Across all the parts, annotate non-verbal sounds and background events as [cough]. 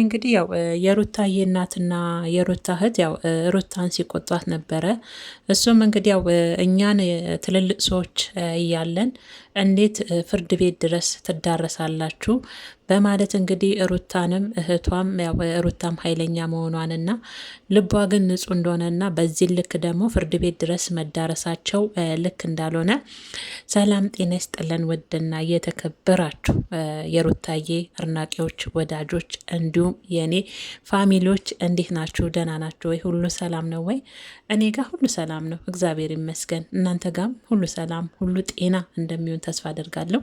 እንግዲህ ያው የሩታዬ እናትና የሩታ እህት ያው ሩታን ሲቆጧት ነበረ። እሱም እንግዲህ ያው እኛን ትልልቅ ሰዎች እያለን እንዴት ፍርድ ቤት ድረስ ትዳረሳላችሁ? በማለት እንግዲህ ሩታንም እህቷም ሩታም ኃይለኛ መሆኗንና ልቧ ግን ንጹሕ እንደሆነና በዚህ ልክ ደግሞ ፍርድ ቤት ድረስ መዳረሳቸው ልክ እንዳልሆነ። ሰላም ጤና ይስጥልን ውድና የተከበራችሁ የሩታዬ አድናቂዎች፣ ወዳጆች እንዲሁም የእኔ ፋሚሊዎች እንዴት ናችሁ? ደህና ናችሁ ወይ? ሁሉ ሰላም ነው ወይ? እኔ ጋር ሁሉ ሰላም ነው፣ እግዚአብሔር ይመስገን። እናንተ ጋም ሁሉ ሰላም ሁሉ ጤና እንደሚሆን ተስፋ አደርጋለሁ።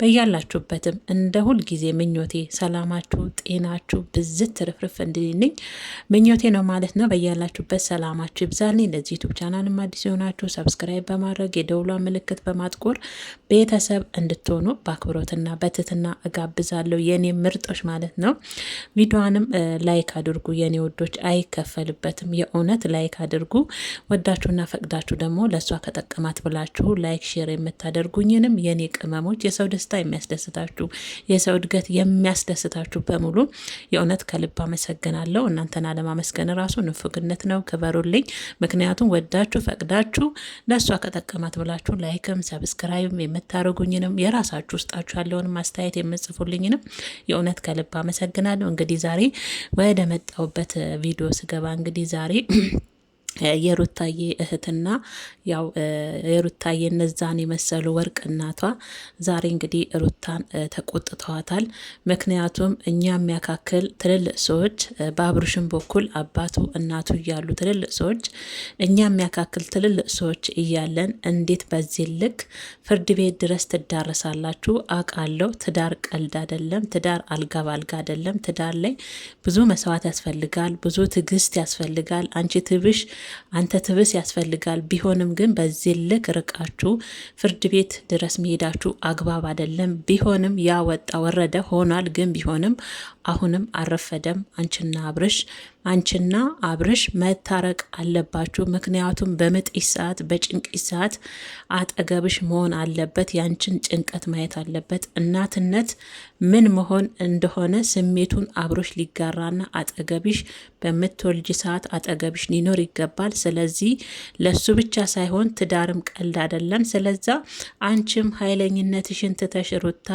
በያላችሁበትም እንደ ሁል ጊዜ ምኞቴ ሰላማችሁ፣ ጤናችሁ ብዝት ትርፍርፍ እንድንኝ ምኞቴ ነው ማለት ነው። በያላችሁበት ሰላማችሁ ይብዛልኝ። ለዚህ ዩቱብ ቻናልም አዲስ የሆናችሁ ሰብስክራይብ በማድረግ የደውሏ ምልክት በማጥቆር ቤተሰብ እንድትሆኑ በአክብሮትና በትትና እጋብዛለሁ። የኔ ምርጦች ማለት ነው። ቪዲዮንም ላይክ አድርጉ የኔ ወዶች፣ አይከፈልበትም። የእውነት ላይክ አድርጉ። ወዳችሁና ፈቅዳችሁ ደግሞ ለእሷ ከጠቀማት ብላችሁ ላይክ ሼር የምታደርጉኝንም የኔ ቅመሞች፣ የሰው ደስታ የሚያስደስታችሁ፣ የሰው እድገት የሚያስደስታችሁ በሙሉ የእውነት ከልብ አመሰግናለሁ። እናንተን አለማመስገን ራሱ ንፉግነት ነው። ክበሩልኝ። ምክንያቱም ወዳችሁ ፈቅዳችሁ ለእሷ ከጠቀማት ብላችሁ ላይክም ሰብስክራይብም የምታደርጉኝንም የራሳችሁ ውስጣችሁ ያለውን አስተያየት የምጽፉልኝንም የእውነት ከልብ አመሰግናለሁ። እንግዲህ ዛሬ ወደ መጣሁበት ቪዲዮ ስገባ እንግዲህ ዛሬ [clears throat] የሩታዬ እህትና ያው የሩታዬ እነዛን የመሰሉ ወርቅ እናቷ ዛሬ እንግዲህ ሩታን ተቆጥተዋታል። ምክንያቱም እኛ የሚያካክል ትልልቅ ሰዎች በአብሩሽን በኩል አባቱ እናቱ እያሉ ትልልቅ ሰዎች እኛ የሚያካክል ትልልቅ ሰዎች እያለን እንዴት በዚህ ልክ ፍርድ ቤት ድረስ ትዳረሳላችሁ? አውቃለሁ። ትዳር ቀልድ አይደለም። ትዳር አልጋ ባልጋ አይደለም። ትዳር ላይ ብዙ መስዋዕት ያስፈልጋል። ብዙ ትዕግስት ያስፈልጋል። አንቺ ትብሽ አንተ ትብስ ያስፈልጋል። ቢሆንም ግን በዚህ ልክ ርቃችሁ ፍርድ ቤት ድረስ መሄዳችሁ አግባብ አይደለም። ቢሆንም ያወጣ ወረደ ሆኗል። ግን ቢሆንም አሁንም አረፈደም። አንችና አብርሽ አንችና አብርሽ መታረቅ አለባችሁ። ምክንያቱም በምጥሽ ሰዓት፣ በጭንቅ ሰዓት አጠገብሽ መሆን አለበት። ያንችን ጭንቀት ማየት አለበት። እናትነት ምን መሆን እንደሆነ ስሜቱን አብሮሽ ሊጋራና አጠገብሽ በምትወልጅ ሰዓት አጠገብሽ ሊኖር ይገባል። ስለዚህ ለሱ ብቻ ሳይሆን ትዳርም ቀልድ አይደለም። ስለዛ አንችም ኃይለኝነትሽን ትተሽ ሩታ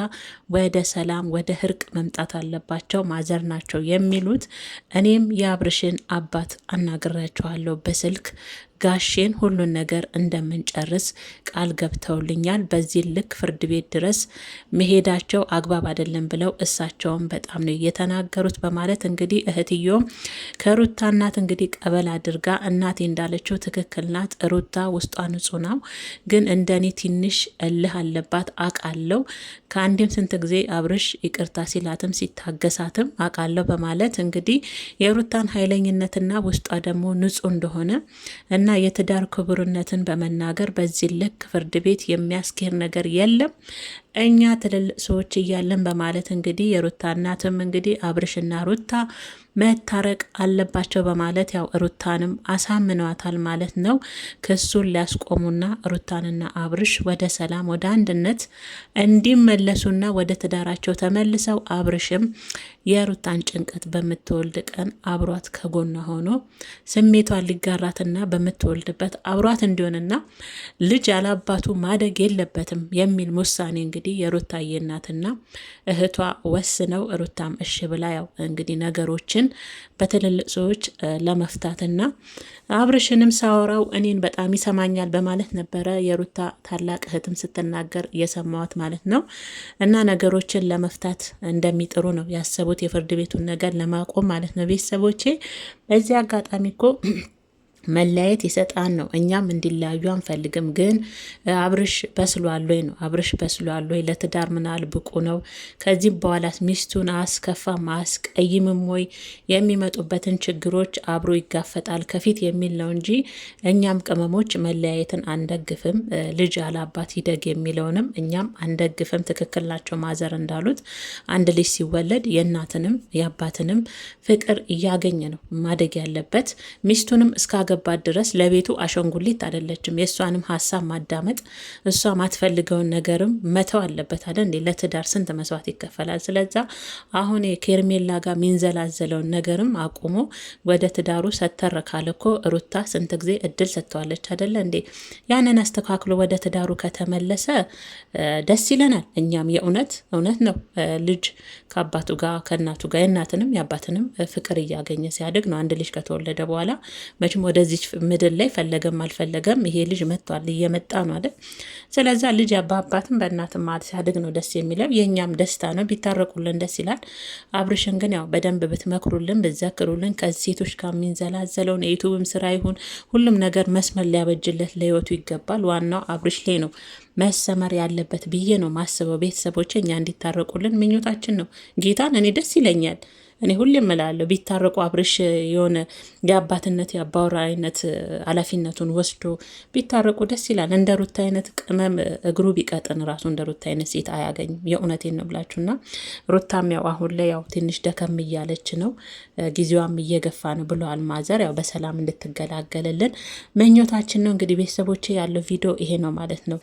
ወደ ሰላም ወደ ህርቅ መምጣት አለባቸው። ናቸው ማዘር ናቸው የሚሉት። እኔም የአብርሽን አባት አናግሬያቸዋለሁ በስልክ ጋሼን ሁሉን ነገር እንደምንጨርስ ቃል ገብተውልኛል። በዚህ ልክ ፍርድ ቤት ድረስ መሄዳቸው አግባብ አይደለም ብለው እሳቸውም በጣም ነው የተናገሩት በማለት እንግዲህ እህትዮም ከሩታ እናት እንግዲህ ቀበል አድርጋ እናቴ እንዳለችው ትክክል ናት። ሩታ ውስጧ ንጹ ነው፣ ግን እንደኔ ትንሽ እልህ አለባት አቃለው። ከአንዴም ስንት ጊዜ አብርሽ ይቅርታ ሲላትም ሲታገሳትም አቃለው በማለት እንግዲህ የሩታን ኃይለኝነትና ውስጧ ደግሞ ንጹ እንደሆነ እና የትዳር ክቡርነትን በመናገር በዚህ ልክ ፍርድ ቤት የሚያስኬድ ነገር የለም። እኛ ትልልቅ ሰዎች እያለን በማለት እንግዲህ የሩታ እናትም እንግዲህ አብርሽና ሩታ መታረቅ አለባቸው በማለት ያው ሩታንም አሳምነዋታል ማለት ነው። ክሱን ሊያስቆሙና ሩታንና አብርሽ ወደ ሰላም ወደ አንድነት እንዲመለሱና ወደ ትዳራቸው ተመልሰው አብርሽም የሩታን ጭንቀት በምትወልድ ቀን አብሯት ከጎኗ ሆኖ ስሜቷን ሊጋራትና በምትወልድበት አብሯት እንዲሆንና ልጅ ያላባቱ ማደግ የለበትም የሚል ውሳኔ እንግዲህ እንግዲህ የሩታዬ እናትና እህቷ ወስነው ሩታም እሽ ብላ ያው እንግዲህ ነገሮችን በትልልቅ ሰዎች ለመፍታትና አብርሽንም ሳወራው እኔን በጣም ይሰማኛል በማለት ነበረ የሩታ ታላቅ እህትም ስትናገር የሰማዋት ማለት ነው። እና ነገሮችን ለመፍታት እንደሚጥሩ ነው ያሰቡት፣ የፍርድ ቤቱን ነገር ለማቆም ማለት ነው። ቤተሰቦቼ በዚህ አጋጣሚ እኮ መለያየት የሰጣን ነው። እኛም እንዲለያዩ አንፈልግም። ግን አብርሽ በስሏል ወይ ነው አብርሽ በስሏል ወይ ለትዳር ምናል ብቁ ነው? ከዚህም በኋላ ሚስቱን አስከፋም አስቀይምም ወይ የሚመጡበትን ችግሮች አብሮ ይጋፈጣል ከፊት የሚል ነው እንጂ እኛም ቅመሞች መለያየትን አንደግፍም። ልጅ አላባት ይደግ የሚለውንም እኛም አንደግፍም። ትክክል ናቸው። ማዘር እንዳሉት አንድ ልጅ ሲወለድ የእናትንም የአባትንም ፍቅር እያገኘ ነው ማደግ ያለበት ሚስቱንም እስካገ እስካልገባት ድረስ ለቤቱ አሻንጉሊት አይደለችም። የእሷንም ሀሳብ ማዳመጥ እሷ ማትፈልገውን ነገርም መተው አለበት አለ እንዴ። ለትዳር ስንት መስዋዕት ይከፈላል። ስለዛ አሁን የኬርሜላ ጋር የሚንዘላዘለውን ነገርም አቁሞ ወደ ትዳሩ ሰተር ካለ እኮ ሩታ ስንት ጊዜ እድል ሰጥተዋለች አደለ እንዴ። ያንን አስተካክሎ ወደ ትዳሩ ከተመለሰ ደስ ይለናል። እኛም የእውነት እውነት ነው ልጅ ከአባቱ ጋር ከእናቱ ጋር የእናትንም የአባትንም ፍቅር እያገኘ ሲያድግ ነው አንድ ልጅ ከተወለደ በኋላ መቼም ወደ በዚች ምድር ላይ ፈለገም አልፈለገም ይሄ ልጅ መጥቷል፣ እየመጣ ነው አለ። ስለዛ ልጅ በአባትም በእናትም ሲያድግ ነው ደስ የሚለው፣ የእኛም ደስታ ነው። ቢታረቁልን ደስ ይላል። አብርሽን ግን ያው በደንብ ብትመክሩልን ብትዘክሩልን፣ ከሴቶች ጋር የሚንዘላዘለውን የዩቱብም ስራ ይሁን ሁሉም ነገር መስመር ሊያበጅለት ለህይወቱ ይገባል። ዋናው አብርሽ ላይ ነው መሰመር ያለበት ብዬ ነው ማስበው። ቤተሰቦች እኛ እንዲታረቁልን ምኞታችን ነው። ጌታን እኔ ደስ ይለኛል። እኔ ሁሌም እላለሁ ቢታረቁ አብርሽ የሆነ የአባትነት የአባወራ አይነት ኃላፊነቱን ወስዶ ቢታረቁ ደስ ይላል። እንደ ሩታ አይነት ቅመም እግሩ ቢቀጥን ራሱ እንደ ሩታ አይነት ሴት አያገኝም። የእውነቴን ነው ብላችሁና ሩታም ያው አሁን ላይ ያው ትንሽ ደከም እያለች ነው፣ ጊዜዋም እየገፋ ነው ብለዋል ማዘር። ያው በሰላም እንድትገላገልልን ምኞታችን ነው። እንግዲህ ቤተሰቦቼ ያለው ቪዲዮ ይሄ ነው ማለት ነው።